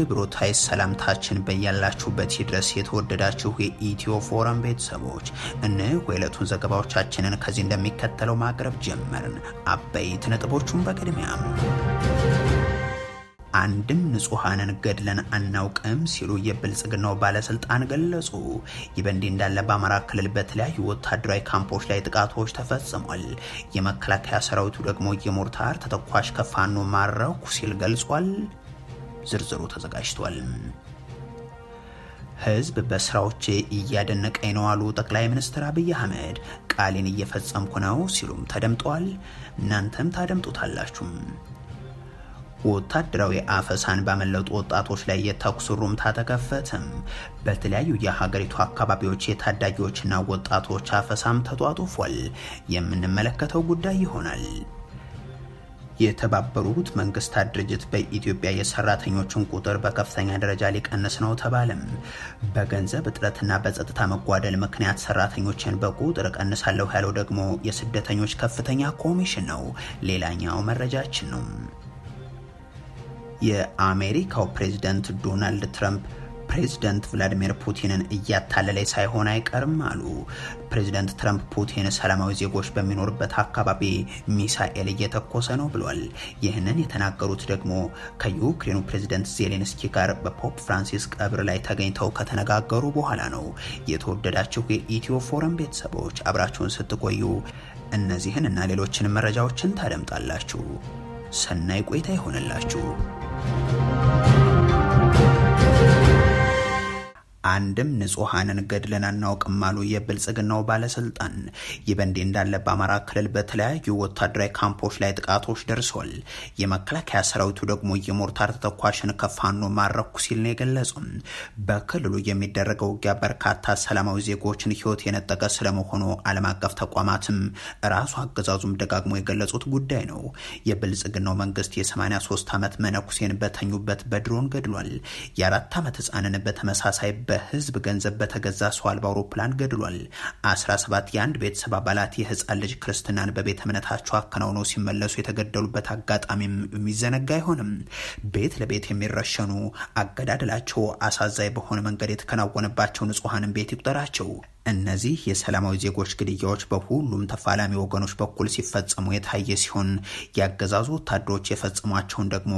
ክብሮታይ ሰላምታችን በያላችሁበት ይድረስ። የተወደዳችሁ የኢትዮ ፎረም ቤተሰቦች እነሆ የዕለቱን ዘገባዎቻችንን ከዚህ እንደሚከተለው ማቅረብ ጀመርን። አበይት ነጥቦቹን በቅድሚያ አንድም ንጹሐንን ገድለን አናውቅም ሲሉ የብልጽግናው ባለስልጣን ገለጹ። ይህ በእንዲህ እንዳለ በአማራ ክልል በተለያዩ ወታደራዊ ካምፖች ላይ ጥቃቶች ተፈጽሟል። የመከላከያ ሰራዊቱ ደግሞ የሞርታር ተተኳሽ ከፋኖ ማረኩ ሲል ገልጿል። ዝርዝሩ ተዘጋጅቷል። ህዝብ በስራዎቼ እያደነቀኝ ነው አሉ ጠቅላይ ሚኒስትር አብይ አህመድ። ቃሌን እየፈጸምኩ ነው ሲሉም ተደምጠዋል። እናንተም ታደምጡታላችሁም። ወታደራዊ አፈሳን ባመለጡ ወጣቶች ላይ የተኩስ ሩምታ ተከፈተም። በተለያዩ የሀገሪቱ አካባቢዎች የታዳጊዎችና ወጣቶች አፈሳም ተጧጡፏል። የምንመለከተው ጉዳይ ይሆናል። የተባበሩት መንግስታት ድርጅት በኢትዮጵያ የሰራተኞችን ቁጥር በከፍተኛ ደረጃ ሊቀንስ ነው ተባለም። በገንዘብ እጥረትና በጸጥታ መጓደል ምክንያት ሰራተኞችን በቁጥር እቀንሳለሁ ያለው ደግሞ የስደተኞች ከፍተኛ ኮሚሽን ነው። ሌላኛው መረጃችን ነው። የአሜሪካው ፕሬዚደንት ዶናልድ ትራምፕ ፕሬዝደንት ቭላዲሚር ፑቲንን እያታለለ ሳይሆን አይቀርም አሉ። ፕሬዝደንት ትራምፕ ፑቲን ሰላማዊ ዜጎች በሚኖርበት አካባቢ ሚሳኤል እየተኮሰ ነው ብሏል። ይህንን የተናገሩት ደግሞ ከዩክሬኑ ፕሬዝደንት ዜሌንስኪ ጋር በፖፕ ፍራንሲስ ቀብር ላይ ተገኝተው ከተነጋገሩ በኋላ ነው። የተወደዳችሁ የኢትዮ ፎረም ቤተሰቦች አብራችሁን ስትቆዩ እነዚህን እና ሌሎችንም መረጃዎችን ታደምጣላችሁ። ሰናይ ቆይታ ይሆንላችሁ። አንድም ንጹሐንን ገድለን አናውቅም አሉ የብልጽግናው ባለስልጣን። ይህ በእንዲህ እንዳለ በአማራ ክልል በተለያዩ ወታደራዊ ካምፖች ላይ ጥቃቶች ደርሰዋል። የመከላከያ ሰራዊቱ ደግሞ የሞርታር ተተኳሽን ከፋኖ ማረኩ ሲል ነው የገለጹ። በክልሉ የሚደረገው ውጊያ በርካታ ሰላማዊ ዜጎችን ህይወት የነጠቀ ስለመሆኑ ዓለም አቀፍ ተቋማትም ራሱ አገዛዙም ደጋግሞ የገለጹት ጉዳይ ነው። የብልጽግናው መንግስት የ83 ዓመት መነኩሴን በተኙበት በድሮን ገድሏል። የአራት ዓመት ህፃንን በተመሳሳይ በህዝብ ገንዘብ በተገዛ ሰው አልባ አውሮፕላን ገድሏል። 17 የአንድ ቤተሰብ አባላት የህፃን ልጅ ክርስትናን በቤተ እምነታቸው አከናውነው ሲመለሱ የተገደሉበት አጋጣሚም የሚዘነጋ አይሆንም። ቤት ለቤት የሚረሸኑ አገዳደላቸው አሳዛኝ በሆነ መንገድ የተከናወነባቸው ንጹሐንም ቤት ይቁጠራቸው። እነዚህ የሰላማዊ ዜጎች ግድያዎች በሁሉም ተፋላሚ ወገኖች በኩል ሲፈጸሙ የታየ ሲሆን ያገዛዙ ወታደሮች የፈጸሟቸውን ደግሞ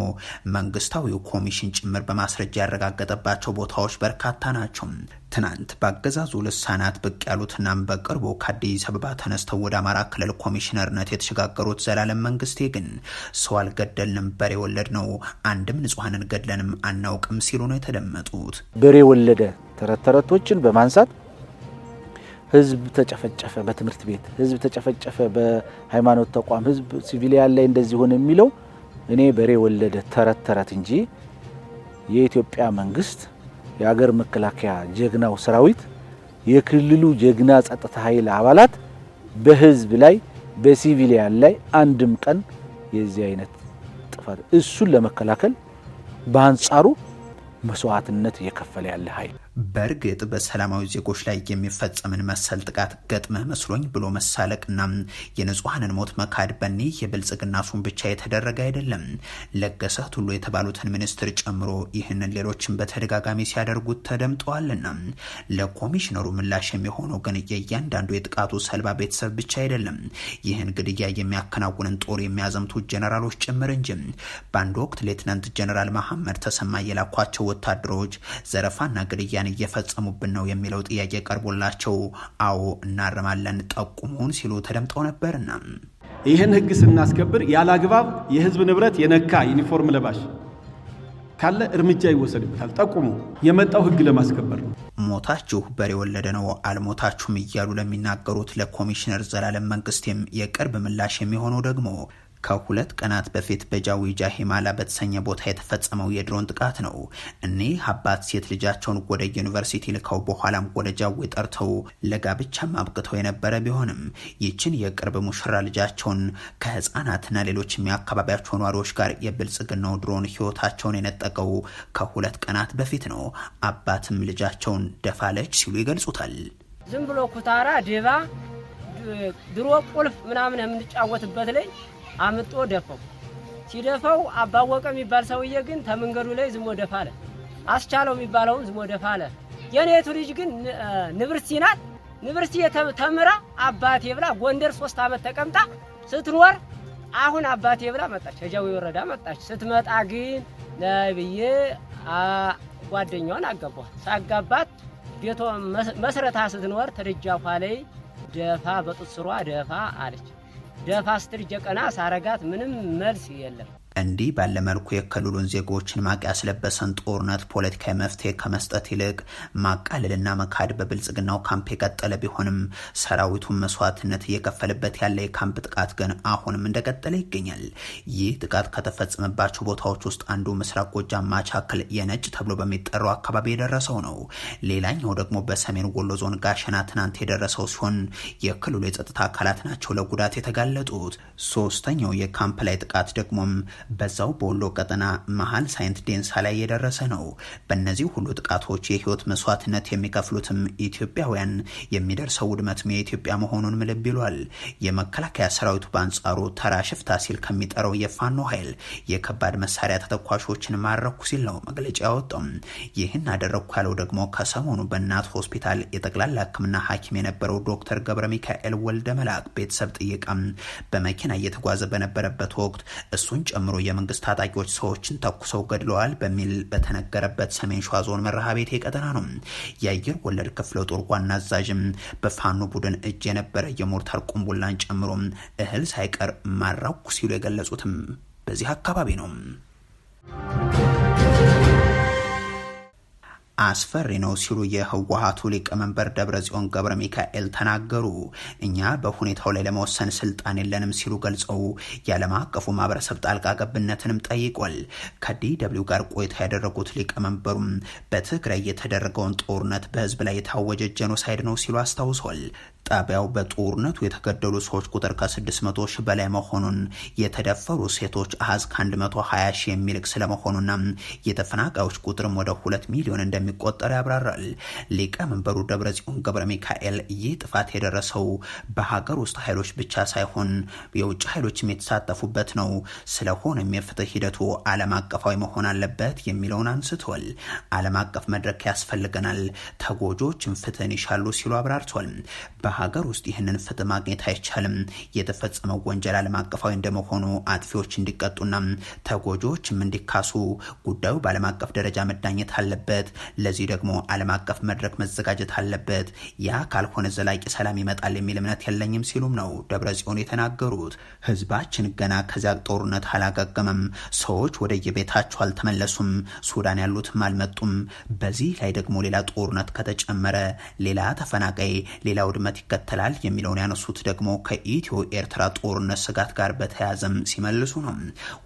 መንግስታዊው ኮሚሽን ጭምር በማስረጃ ያረጋገጠባቸው ቦታዎች በርካታ ናቸው። ትናንት በአገዛዙ ልሳናት ብቅ ያሉትናም በቅርቡ ከአዲስ አበባ ተነስተው ወደ አማራ ክልል ኮሚሽነርነት የተሸጋገሩት ዘላለም መንግስቴ ግን ሰው አልገደልንም፣ በሬ ወለድ ነው፣ አንድም ንጹሐንን ገድለንም አናውቅም ሲሉ ነው የተደመጡት። በሬ ወለደ ተረት ተረቶችን በማንሳት ህዝብ ተጨፈጨፈ፣ በትምህርት ቤት ህዝብ ተጨፈጨፈ፣ በሃይማኖት ተቋም ህዝብ ሲቪሊያን ላይ እንደዚህ ሆነ የሚለው እኔ በሬ ወለደ ተረት ተረት እንጂ የኢትዮጵያ መንግስት የአገር መከላከያ ጀግናው ሰራዊት የክልሉ ጀግና ጸጥታ ኃይል አባላት በህዝብ ላይ በሲቪሊያን ላይ አንድም ቀን የዚህ አይነት ጥፋት እሱን ለመከላከል በአንጻሩ መስዋዕትነት እየከፈለ ያለ ኃይል በእርግጥ በሰላማዊ ዜጎች ላይ የሚፈጸምን መሰል ጥቃት ገጥመ መስሎኝ ብሎ መሳለቅና የንጹሐንን ሞት መካድ በኒ የብልጽግና ሱን ብቻ የተደረገ አይደለም። ለገሰ ቱሉ የተባሉትን ሚኒስትር ጨምሮ ይህንን ሌሎችን በተደጋጋሚ ሲያደርጉት ተደምጠዋልና ለኮሚሽነሩ ምላሽ የሚሆነው ግን የእያንዳንዱ የጥቃቱ ሰልባ ቤተሰብ ብቻ አይደለም፣ ይህን ግድያ የሚያከናውንን ጦር የሚያዘምቱ ጀነራሎች ጭምር እንጂ። በአንድ ወቅት ሌትናንት ጀነራል መሐመድ ተሰማ የላኳቸው ወታደሮች ዘረፋና ግድያ ግድያን እየፈጸሙብን ነው የሚለው ጥያቄ ቀርቦላቸው አዎ እናርማለን ጠቁሙን ሲሉ ተደምጠው ነበርና ይህን ህግ ስናስከብር ያለ አግባብ የህዝብ ንብረት የነካ ዩኒፎርም ለባሽ ካለ እርምጃ ይወሰድበታል። ጠቁሙ። የመጣው ህግ ለማስከበር ነው። ሞታችሁ በሬ ወለደ ነው አልሞታችሁም እያሉ ለሚናገሩት ለኮሚሽነር ዘላለም መንግስቴም የቅርብ ምላሽ የሚሆነው ደግሞ ከሁለት ቀናት በፊት በጃዊ ጃሂማላ በተሰኘ ቦታ የተፈጸመው የድሮን ጥቃት ነው። እኒህ አባት ሴት ልጃቸውን ወደ ዩኒቨርሲቲ ልከው በኋላም ወደ ጃዊ ጠርተው ለጋብቻም አብቅተው የነበረ ቢሆንም ይችን የቅርብ ሙሽራ ልጃቸውን ከህፃናትና ሌሎች የአካባቢያቸው ነዋሪዎች ጋር የብልጽግናው ድሮን ህይወታቸውን የነጠቀው ከሁለት ቀናት በፊት ነው። አባትም ልጃቸውን ደፋለች ሲሉ ይገልጹታል። ዝም ብሎ ኩታራ ዴባ ድሮ ቁልፍ ምናምን የምንጫወትበት ላይ አምጦ ደፋው። ሲደፋው አባወቀ የሚባል ሰውዬ ግን ተመንገዱ ላይ ዝሞ ደፋ አለ። አስቻለው የሚባለው ዝሞ ደፋ አለ። የኔቱ ልጅ ግን ንብርሲ ናት። ንብርሲ ተምራ አባቴ ብላ ጎንደር ሶስት ዓመት ተቀምጣ ስትኖር አሁን አባቴ ብላ መጣች። ከጃዊ ወረዳ መጣች። ስትመጣ ግን ነብዬ ጓደኛዋን አገቧት። ሳጋባት ቤቷ መስረታ ስትኖር ተደጃፏ ላይ ደፋ በጡት ስሯ ደፋ አለች። ደፋ ስትል ጀቀና ሳረጋት ምንም መልስ የለም። እንዲህ ባለመልኩ የክልሉን ዜጎችን ማቅ ያስለበሰን ጦርነት ፖለቲካዊ መፍትሄ ከመስጠት ይልቅ ማቃለልና መካድ በብልጽግናው ካምፕ የቀጠለ ቢሆንም ሰራዊቱን መስዋዕትነት እየከፈልበት ያለ የካምፕ ጥቃት ግን አሁንም እንደቀጠለ ይገኛል። ይህ ጥቃት ከተፈጸመባቸው ቦታዎች ውስጥ አንዱ ምስራቅ ጎጃም ማቻክል የነጭ ተብሎ በሚጠራው አካባቢ የደረሰው ነው። ሌላኛው ደግሞ በሰሜን ወሎ ዞን ጋሸና ትናንት የደረሰው ሲሆን የክልሉ የጸጥታ አካላት ናቸው ለጉዳት የተጋለጡት። ሶስተኛው የካምፕ ላይ ጥቃት ደግሞም በዛው በወሎ ቀጠና መሀል ሳይንት ዴንሳ ላይ የደረሰ ነው። በእነዚህ ሁሉ ጥቃቶች የህይወት መስዋዕትነት የሚከፍሉትም ኢትዮጵያውያን፣ የሚደርሰው ውድመትም የኢትዮጵያ መሆኑን ምልብ ይሏል። የመከላከያ ሰራዊቱ በአንጻሩ ተራ ሽፍታ ሲል ከሚጠራው የፋኖ ኃይል የከባድ መሳሪያ ተተኳሾችን ማረኩ ሲል ነው መግለጫ ያወጣው። ይህን አደረግኩ ያለው ደግሞ ከሰሞኑ በእናት ሆስፒታል የጠቅላላ ሕክምና ሐኪም የነበረው ዶክተር ገብረ ሚካኤል ወልደ መላክ ቤተሰብ ጥየቃ በመኪና እየተጓዘ በነበረበት ወቅት እሱን ጨምሮ ጨምሮ የመንግስት ታጣቂዎች ሰዎችን ተኩሰው ገድለዋል በሚል በተነገረበት ሰሜን ሸዋ ዞን መርሃ ቤቴ ቀጠና ነው። የአየር ወለድ ክፍለ ጦር ዋና አዛዥም በፋኖ ቡድን እጅ የነበረ የሞርታር ቁንቡላን ጨምሮ እህል ሳይቀር ማራኩ ሲሉ የገለጹትም በዚህ አካባቢ ነው። አስፈሪ ነው ሲሉ የህወሀቱ ሊቀመንበር ደብረጽዮን ገብረ ሚካኤል ተናገሩ። እኛ በሁኔታው ላይ ለመወሰን ስልጣን የለንም ሲሉ ገልጸው የዓለም አቀፉ ማህበረሰብ ጣልቃ ገብነትንም ጠይቋል። ከዲደብሊው ጋር ቆይታ ያደረጉት ሊቀመንበሩም በትግራይ የተደረገውን ጦርነት በህዝብ ላይ የታወጀ ጀኖሳይድ ነው ሲሉ አስታውሷል። ጣቢያው በጦርነቱ የተገደሉ ሰዎች ቁጥር ከ600 ሺህ በላይ መሆኑን፣ የተደፈሩ ሴቶች አሃዝ ከ120 ሺህ የሚልቅ ስለመሆኑና የተፈናቃዮች ቁጥርም ወደ ሁለት ሚሊዮን እንደሚቆጠር ያብራራል። ሊቀመንበሩ ደብረጽዮን ገብረ ሚካኤል ይህ ጥፋት የደረሰው በሀገር ውስጥ ኃይሎች ብቻ ሳይሆን የውጭ ኃይሎችም የተሳተፉበት ነው፣ ስለሆነም የፍትህ ሂደቱ ዓለም አቀፋዊ መሆን አለበት የሚለውን አንስቷል። ዓለም አቀፍ መድረክ ያስፈልገናል፣ ተጎጂዎችም ፍትህን ይሻሉ ሲሉ አብራርቷል። በሀገር ውስጥ ይህንን ፍትህ ማግኘት አይቻልም። የተፈጸመው ወንጀል ዓለም አቀፋዊ እንደመሆኑ አጥፊዎች እንዲቀጡና ተጎጂዎችም እንዲካሱ ጉዳዩ በዓለም አቀፍ ደረጃ መዳኘት አለበት። ለዚህ ደግሞ ዓለም አቀፍ መድረክ መዘጋጀት አለበት። ያ ካልሆነ ዘላቂ ሰላም ይመጣል የሚል እምነት የለኝም ሲሉም ነው ደብረ ጽዮን የተናገሩት። ህዝባችን ገና ከዚያ ጦርነት አላገገመም። ሰዎች ወደ የቤታቸው አልተመለሱም። ሱዳን ያሉትም አልመጡም። በዚህ ላይ ደግሞ ሌላ ጦርነት ከተጨመረ ሌላ ተፈናቃይ፣ ሌላ ውድመት ይከተላል የሚለውን ያነሱት ደግሞ ከኢትዮ ኤርትራ ጦርነት ስጋት ጋር በተያያዘም ሲመልሱ ነው።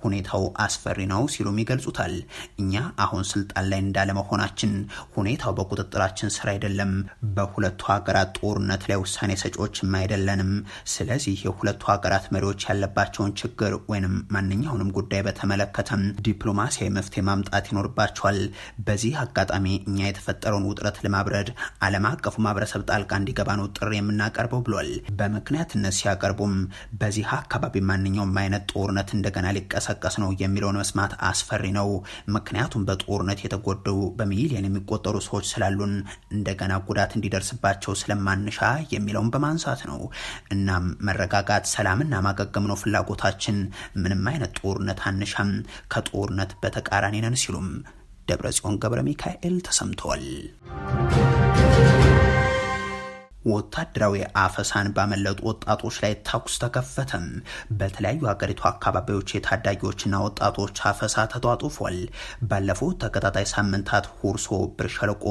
ሁኔታው አስፈሪ ነው ሲሉም ይገልጹታል። እኛ አሁን ስልጣን ላይ እንዳለመሆናችን ሁኔታው በቁጥጥራችን ስር አይደለም። በሁለቱ ሀገራት ጦርነት ላይ ውሳኔ ሰጪዎችም አይደለንም። ስለዚህ የሁለቱ ሀገራት መሪዎች ያለባቸውን ችግር ወይንም ማንኛውንም ጉዳይ በተመለከተም ዲፕሎማሲያዊ መፍትሄ ማምጣት ይኖርባቸዋል። በዚህ አጋጣሚ እኛ የተፈጠረውን ውጥረት ለማብረድ ዓለም አቀፉ ማህበረሰብ ጣልቃ እንዲገባ ነው ጥሪ የምናቀርበው ብሏል። በምክንያትነት ሲያቀርቡም በዚህ አካባቢ ማንኛውም አይነት ጦርነት እንደገና ሊቀሰቀስ ነው የሚለውን መስማት አስፈሪ ነው። ምክንያቱም በጦርነት የተጎደው በሚሊየን የሚቆጠሩ ሰዎች ስላሉን እንደገና ጉዳት እንዲደርስባቸው ስለማንሻ የሚለውን በማንሳት ነው። እናም መረጋጋት፣ ሰላምና ማገገም ነው ፍላጎታችን። ምንም አይነት ጦርነት አንሻም፣ ከጦርነት በተቃራኒ ነን ሲሉም ደብረጽዮን ገብረ ሚካኤል ተሰምተዋል። ወታደራዊ አፈሳን ባመለጡ ወጣቶች ላይ ተኩስ ተከፈተም። በተለያዩ ሀገሪቱ አካባቢዎች የታዳጊዎችና ወጣቶች አፈሳ ተጧጡፏል። ባለፉት ተከታታይ ሳምንታት ሁርሶ፣ ብር ሸለቆ፣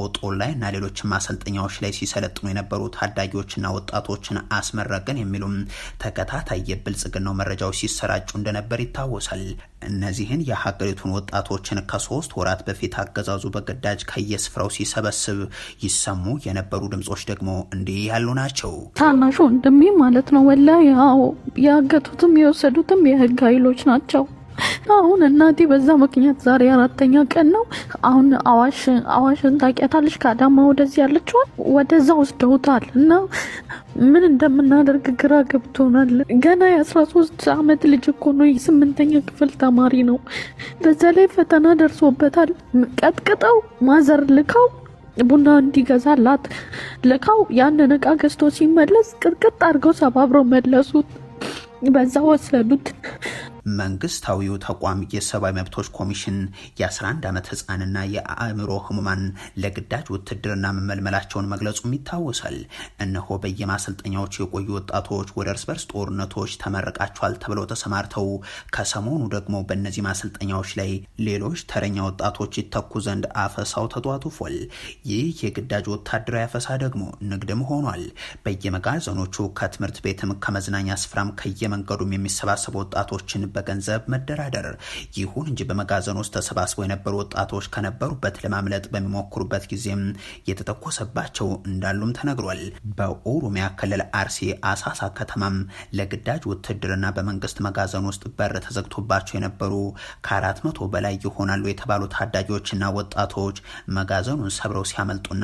እና ሌሎች ማሰልጠኛዎች ላይ ሲሰለጥኑ የነበሩ ታዳጊዎችና ወጣቶችን አስመረቅን የሚሉም ተከታታይ የብልጽግናው መረጃዎች ሲሰራጩ እንደነበር ይታወሳል። እነዚህን የሀገሪቱን ወጣቶችን ከሶስት ወራት በፊት አገዛዙ በግዳጅ ከየስፍራው ሲሰበስብ ይሰሙ የነበሩ ድምጾች ደግሞ እንዲህ ያሉ ናቸው። ታናሹ ወንድሜ ማለት ነው። ወላሂ ያው ያገቱትም የወሰዱትም የህግ ኃይሎች ናቸው። አሁን እናቴ በዛ ምክንያት ዛሬ አራተኛ ቀን ነው። አሁን አዋሽ አዋሽን ታውቂያታለሽ? ከአዳማ ወደዚህ ያለችዋል ወደዛ ወስደውታል እና ምን እንደምናደርግ ግራ ገብቶናል። ገና የአስራ ሶስት አመት ልጅ እኮ ነው። የስምንተኛ ክፍል ተማሪ ነው። በዛ ላይ ፈተና ደርሶበታል። ቀጥቅጠው ማዘር ልካው ቡና እንዲገዛላት ልካው ያንን እቃ ገዝቶ ሲመለስ ቅጥቅጥ አድርገው ሰባብረው መለሱት። በዛ ወሰዱት። መንግስታዊው ተቋም የሰብአዊ መብቶች ኮሚሽን የ11 ዓመት ህፃንና የአእምሮ ህሙማን ለግዳጅ ውትድርና መመልመላቸውን መግለጹም ይታወሳል። እነሆ በየማሰልጠኛዎቹ የቆዩ ወጣቶች ወደ እርስ በርስ ጦርነቶች ተመረቃቸዋል ተብለው ተሰማርተው ከሰሞኑ ደግሞ በእነዚህ ማሰልጠኛዎች ላይ ሌሎች ተረኛ ወጣቶች ይተኩ ዘንድ አፈሳው ተጧጡፏል። ይህ የግዳጅ ወታደራዊ አፈሳ ደግሞ ንግድም ሆኗል። በየመጋዘኖቹ ከትምህርት ቤትም ከመዝናኛ ስፍራም ከየመንገዱም የሚሰባሰቡ ወጣቶችን በገንዘብ መደራደር። ይሁን እንጂ በመጋዘን ውስጥ ተሰባስበው የነበሩ ወጣቶች ከነበሩበት ለማምለጥ በሚሞክሩበት ጊዜም የተተኮሰባቸው እንዳሉም ተነግሯል። በኦሮሚያ ክልል አርሲ አሳሳ ከተማም ለግዳጅ ውትድርና በመንግስት መጋዘን ውስጥ በር ተዘግቶባቸው የነበሩ ከአራት መቶ በላይ ይሆናሉ የተባሉ ታዳጊዎችና ወጣቶች መጋዘኑን ሰብረው ሲያመልጡና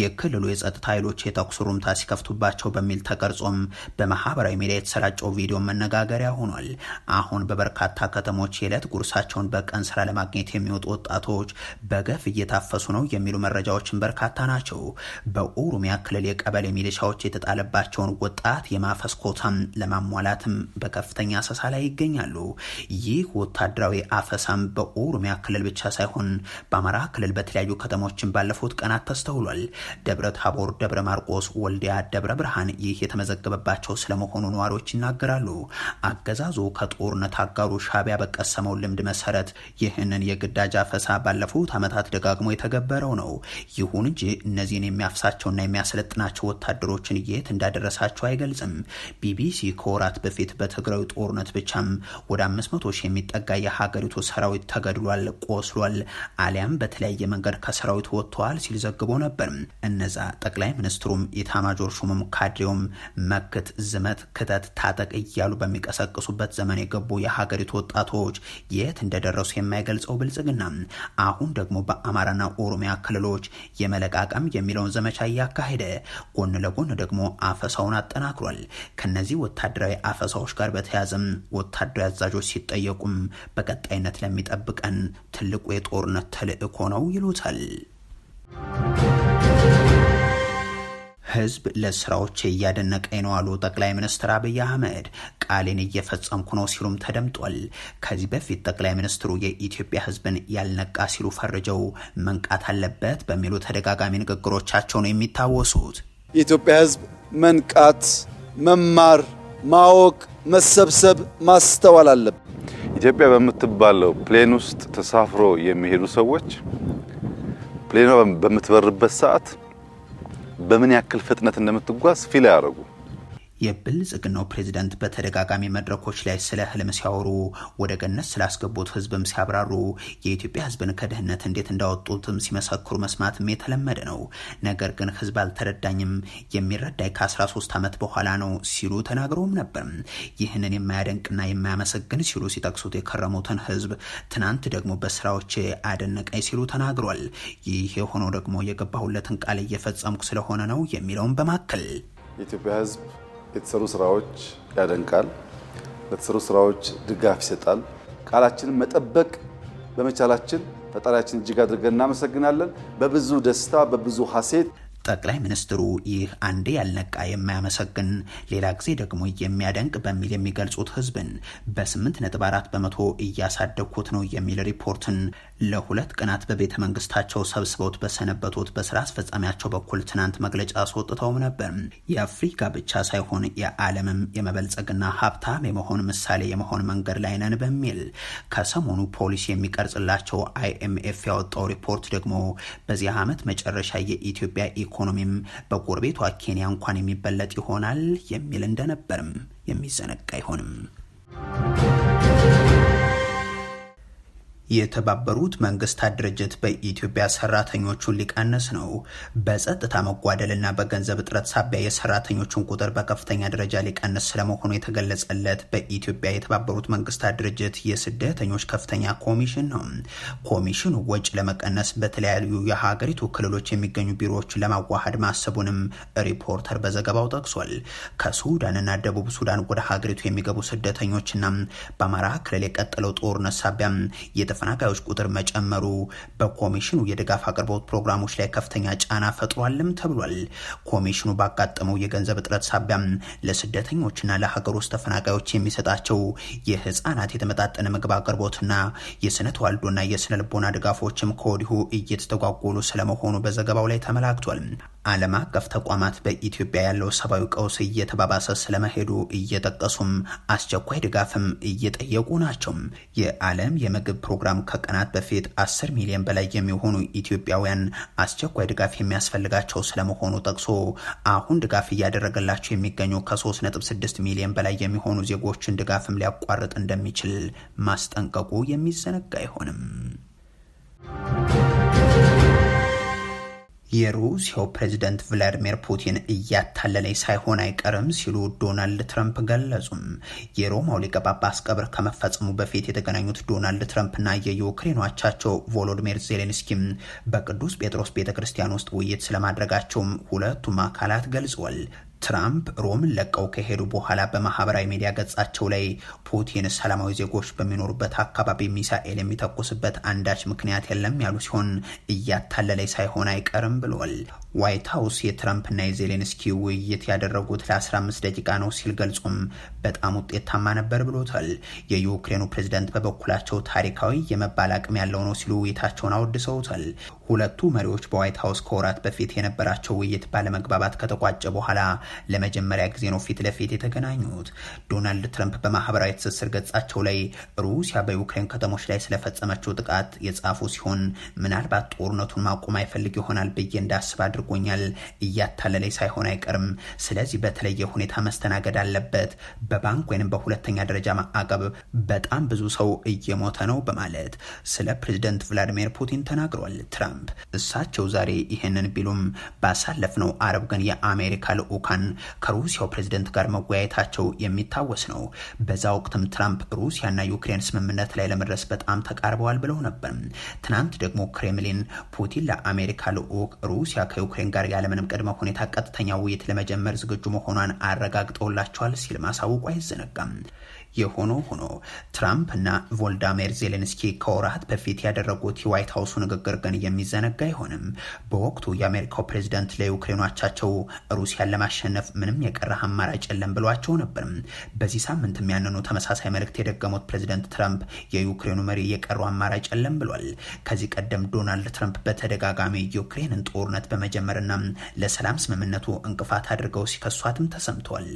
የክልሉ የጸጥታ ኃይሎች የተኩስ ሩምታ ሲከፍቱባቸው በሚል ተቀርጾም በማህበራዊ ሚዲያ የተሰራጨው ቪዲዮ መነጋገሪያ ሆኗል። አሁን በበርካታ ከተሞች የዕለት ጉርሳቸውን በቀን ስራ ለማግኘት የሚወጡ ወጣቶች በገፍ እየታፈሱ ነው የሚሉ መረጃዎችን በርካታ ናቸው። በኦሮሚያ ክልል የቀበሌ ሚሊሻዎች የተጣለባቸውን ወጣት የማፈስ ኮታም ለማሟላትም በከፍተኛ አሰሳ ላይ ይገኛሉ። ይህ ወታደራዊ አፈሳም በኦሮሚያ ክልል ብቻ ሳይሆን በአማራ ክልል በተለያዩ ከተሞችን ባለፉት ቀናት ተስተውሏል። ደብረ ታቦር፣ ደብረ ማርቆስ፣ ወልዲያ፣ ደብረ ብርሃን ይህ የተመዘገበባቸው ስለመሆኑ ነዋሪዎች ይናገራሉ። አገዛዙ ከጦርነት አጋሩ ሻቢያ በቀሰመው ልምድ መሰረት ይህንን የግዳጅ አፈሳ ባለፉት ዓመታት ደጋግሞ የተገበረው ነው። ይሁን እንጂ እነዚህን የሚያፍሳቸውና የሚያሰለጥናቸው ወታደሮችን የት እንዳደረሳቸው አይገልጽም። ቢቢሲ ከወራት በፊት በትግራዊ ጦርነት ብቻም ወደ 500 ሺህ የሚጠጋ የሀገሪቱ ሰራዊት ተገድሏል፣ ቆስሏል፣ አሊያም በተለያየ መንገድ ከሰራዊት ወጥተዋል ሲል ዘግቦ ነበር። እነዛ ጠቅላይ ሚኒስትሩም ኢታማጆር ሹሙም ካድሬውም መክት፣ ዝመት፣ ክተት፣ ታጠቅ እያሉ በሚቀሰቅሱበት ዘመን የገቡ የሀገሪቱ ወጣቶች የት እንደደረሱ የማይገልጸው ብልጽግና አሁን ደግሞ በአማራና ኦሮሚያ ክልሎች የመለቃቀም የሚለውን ዘመቻ እያካሄደ ጎን ለጎን ደግሞ አፈሳውን አጠናክሯል። ከነዚህ ወታደራዊ አፈሳዎች ጋር በተያያዘም ወታደራዊ አዛዦች ሲጠየቁም በቀጣይነት ለሚጠብቀን ትልቁ የጦርነት ተልዕኮ ነው ይሉታል። ህዝብ ለስራዎች እያደነቀኝ ነው አሉ ጠቅላይ ሚኒስትር አብይ አህመድ። ቃሌን እየፈጸምኩ ነው ሲሉም ተደምጧል። ከዚህ በፊት ጠቅላይ ሚኒስትሩ የኢትዮጵያ ህዝብን ያልነቃ ሲሉ ፈርጀው መንቃት አለበት በሚሉ ተደጋጋሚ ንግግሮቻቸው ነው የሚታወሱት። የኢትዮጵያ ህዝብ መንቃት፣ መማር፣ ማወቅ፣ መሰብሰብ፣ ማስተዋል አለበት። ኢትዮጵያ በምትባለው ፕሌን ውስጥ ተሳፍሮ የሚሄዱ ሰዎች ፕሌኗ በምትበርበት ሰዓት በምን ያክል ፍጥነት እንደምትጓዝ ፊል አያደርጉ የብልጽግናው ፕሬዚደንት በተደጋጋሚ መድረኮች ላይ ስለ ህልም ሲያወሩ ወደ ገነት ስላስገቡት ህዝብም ሲያብራሩ የኢትዮጵያ ህዝብን ከድህነት እንዴት እንዳወጡትም ሲመሰክሩ መስማትም የተለመደ ነው። ነገር ግን ህዝብ አልተረዳኝም፣ የሚረዳይ ከ13 ዓመት በኋላ ነው ሲሉ ተናግረውም ነበር። ይህንን የማያደንቅና የማያመሰግን ሲሉ ሲጠቅሱት የከረሙትን ህዝብ ትናንት ደግሞ በስራዎች አደነቀኝ ሲሉ ተናግሯል። ይህ የሆነው ደግሞ የገባሁለትን ቃል እየፈጸምኩ ስለሆነ ነው የሚለውን በማከል የኢትዮጵያ ህዝብ የተሰሩ ስራዎች ያደንቃል፣ ለተሰሩ ስራዎች ድጋፍ ይሰጣል። ቃላችንን መጠበቅ በመቻላችን ፈጣሪያችን እጅግ አድርገን እናመሰግናለን። በብዙ ደስታ በብዙ ሀሴት ጠቅላይ ሚኒስትሩ ይህ አንዴ ያልነቃ የማያመሰግን ሌላ ጊዜ ደግሞ የሚያደንቅ በሚል የሚገልጹት ህዝብን በ8.4 በመቶ እያሳደግኩት ነው የሚል ሪፖርትን ለሁለት ቀናት በቤተ መንግስታቸው ሰብስበውት በሰነበቱት በስራ አስፈጻሚያቸው በኩል ትናንት መግለጫ አስወጥተውም ነበር። የአፍሪካ ብቻ ሳይሆን የዓለምም የመበልጸግና ሀብታም የመሆን ምሳሌ የመሆን መንገድ ላይ ነን በሚል ከሰሞኑ ፖሊሲ የሚቀርጽላቸው አይኤምኤፍ ያወጣው ሪፖርት ደግሞ በዚህ ዓመት መጨረሻ የኢትዮጵያ ኢኮኖሚም በጎረቤቷ ኬንያ እንኳን የሚበለጥ ይሆናል የሚል እንደነበርም የሚዘነጋ አይሆንም። የተባበሩት መንግስታት ድርጅት በኢትዮጵያ ሰራተኞቹን ሊቀንስ ነው። በጸጥታ መጓደልና በገንዘብ እጥረት ሳቢያ የሰራተኞቹን ቁጥር በከፍተኛ ደረጃ ሊቀንስ ስለመሆኑ የተገለጸለት በኢትዮጵያ የተባበሩት መንግስታት ድርጅት የስደተኞች ከፍተኛ ኮሚሽን ነው። ኮሚሽኑ ወጪ ለመቀነስ በተለያዩ የሀገሪቱ ክልሎች የሚገኙ ቢሮዎችን ለማዋሃድ ማሰቡንም ሪፖርተር በዘገባው ጠቅሷል። ከሱዳንና ደቡብ ሱዳን ወደ ሀገሪቱ የሚገቡ ስደተኞችና በአማራ ክልል የቀጠለው ጦርነት ሳቢያ የተፈናቃዮች ቁጥር መጨመሩ በኮሚሽኑ የድጋፍ አቅርቦት ፕሮግራሞች ላይ ከፍተኛ ጫና ፈጥሯልም ተብሏል። ኮሚሽኑ ባጋጠመው የገንዘብ እጥረት ሳቢያም ለስደተኞችና ለሀገር ውስጥ ተፈናቃዮች የሚሰጣቸው የህፃናት የተመጣጠነ ምግብ አቅርቦትና የስነ ተዋልዶና የስነ ልቦና ድጋፎችም ከወዲሁ እየተተጓጎሉ ስለመሆኑ በዘገባው ላይ ተመላክቷል። ዓለም አቀፍ ተቋማት በኢትዮጵያ ያለው ሰብአዊ ቀውስ እየተባባሰ ስለመሄዱ እየጠቀሱም አስቸኳይ ድጋፍም እየጠየቁ ናቸው። የዓለም የምግብ ፕሮግራም ከቀናት በፊት 10 ሚሊዮን በላይ የሚሆኑ ኢትዮጵያውያን አስቸኳይ ድጋፍ የሚያስፈልጋቸው ስለመሆኑ ጠቅሶ አሁን ድጋፍ እያደረገላቸው የሚገኙ ከ3.6 ሚሊዮን በላይ የሚሆኑ ዜጎችን ድጋፍም ሊያቋርጥ እንደሚችል ማስጠንቀቁ የሚዘነጋ አይሆንም። የሩሲያው ፕሬዚደንት ቭላዲሚር ፑቲን እያታለለኝ ሳይሆን አይቀርም ሲሉ ዶናልድ ትራምፕ ገለጹም። የሮማው ሊቀ ጳጳስ ቀብር ከመፈጸሙ በፊት የተገናኙት ዶናልድ ትራምፕና የዩክሬን አቻቸው ቮሎዲሚር ዜሌንስኪም በቅዱስ ጴጥሮስ ቤተ ክርስቲያን ውስጥ ውይይት ስለማድረጋቸውም ሁለቱም አካላት ገልጿል። ትራምፕ ሮምን ለቀው ከሄዱ በኋላ በማህበራዊ ሚዲያ ገጻቸው ላይ ፑቲን ሰላማዊ ዜጎች በሚኖሩበት አካባቢ ሚሳኤል የሚተኩስበት አንዳች ምክንያት የለም ያሉ ሲሆን እያታለለኝ ሳይሆን አይቀርም ብለዋል። ዋይት ሀውስ የትራምፕና የዜሌንስኪ ውይይት ያደረጉት ለ15 ደቂቃ ነው ሲል ገልጹም በጣም ውጤታማ ነበር ብሎታል። የዩክሬኑ ፕሬዝደንት በበኩላቸው ታሪካዊ የመባል አቅም ያለው ነው ሲሉ ውይይታቸውን አወድሰውታል። ሁለቱ መሪዎች በዋይት ሀውስ ከወራት በፊት የነበራቸው ውይይት ባለመግባባት ከተቋጨ በኋላ ለመጀመሪያ ጊዜ ነው ፊት ለፊት የተገናኙት። ዶናልድ ትራምፕ በማህበራዊ ትስስር ገጻቸው ላይ ሩሲያ በዩክሬን ከተሞች ላይ ስለፈጸመችው ጥቃት የጻፉ ሲሆን ምናልባት ጦርነቱን ማቆም አይፈልግ ይሆናል ብዬ እንዳስብ አድርጎ አድርጎኛል። እያታለለኝ ሳይሆን አይቀርም። ስለዚህ በተለየ ሁኔታ መስተናገድ አለበት። በባንክ ወይም በሁለተኛ ደረጃ ማዕቀብ በጣም ብዙ ሰው እየሞተ ነው በማለት ስለ ፕሬዝደንት ቭላዲሚር ፑቲን ተናግሯል ትራምፕ። እሳቸው ዛሬ ይህንን ቢሉም ባሳለፍነው አረብ ግን የአሜሪካ ልዑካን ከሩሲያው ፕሬዝደንት ጋር መወያየታቸው የሚታወስ ነው። በዛ ወቅትም ትራምፕ ሩሲያና ዩክሬን ስምምነት ላይ ለመድረስ በጣም ተቃርበዋል ብለው ነበር። ትናንት ደግሞ ክሬምሊን ፑቲን ለአሜሪካ ልዑክ ሩሲያ ከዩክ ከዩክሬን ጋር ያለምንም ቅድመ ሁኔታ ቀጥተኛ ውይይት ለመጀመር ዝግጁ መሆኗን አረጋግጠውላቸዋል ሲል ማሳወቁ አይዘነጋም። የሆኖ ሆኖ እና ቮልዳሜር ዜሌንስኪ ከወራት በፊት ያደረጉት የዋይት ሀውሱ ንግግር ግን የሚዘነጋ አይሆንም። በወቅቱ የአሜሪካው ፕሬዚደንት ለዩክሬኖቻቸው ሩሲያን ለማሸነፍ ምንም የቀረ አማራጭ የለም ብሏቸው ነበር። በዚህ ሳምንት የሚያንኑ ተመሳሳይ መልእክት የደገሙት ፕሬዚደንት ትራምፕ የዩክሬኑ መሪ የቀረው አማራጭ የለም ብሏል። ከዚህ ቀደም ዶናልድ ትራምፕ በተደጋጋሚ ዩክሬንን ጦርነት በመጀመርና ለሰላም ስምምነቱ እንቅፋት አድርገው ሲከሷትም ተሰምተዋል።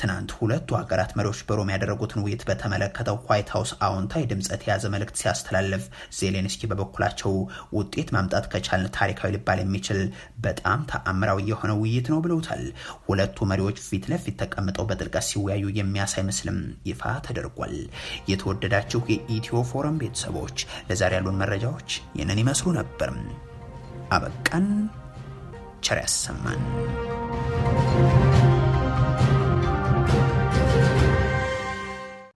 ትናንት ሁለቱ ሀገራት መሪዎች በሮም ያደረጉትን ውይይት በተመለከተው ዋይት ሀውስ አዎንታዊ ድምፅ የያዘ መልእክት ሲያስተላልፍ፣ ዜሌንስኪ በበኩላቸው ውጤት ማምጣት ከቻልን ታሪካዊ ሊባል የሚችል በጣም ተአምራዊ የሆነ ውይይት ነው ብለውታል። ሁለቱ መሪዎች ፊት ለፊት ተቀምጠው በጥልቀት ሲወያዩ የሚያሳይ ምስልም ይፋ ተደርጓል። የተወደዳችሁ የኢትዮ ፎረም ቤተሰቦች ለዛሬ ያሉን መረጃዎች ይህንን ይመስሉ ነበር። አበቃን። ቸር ያሰማን።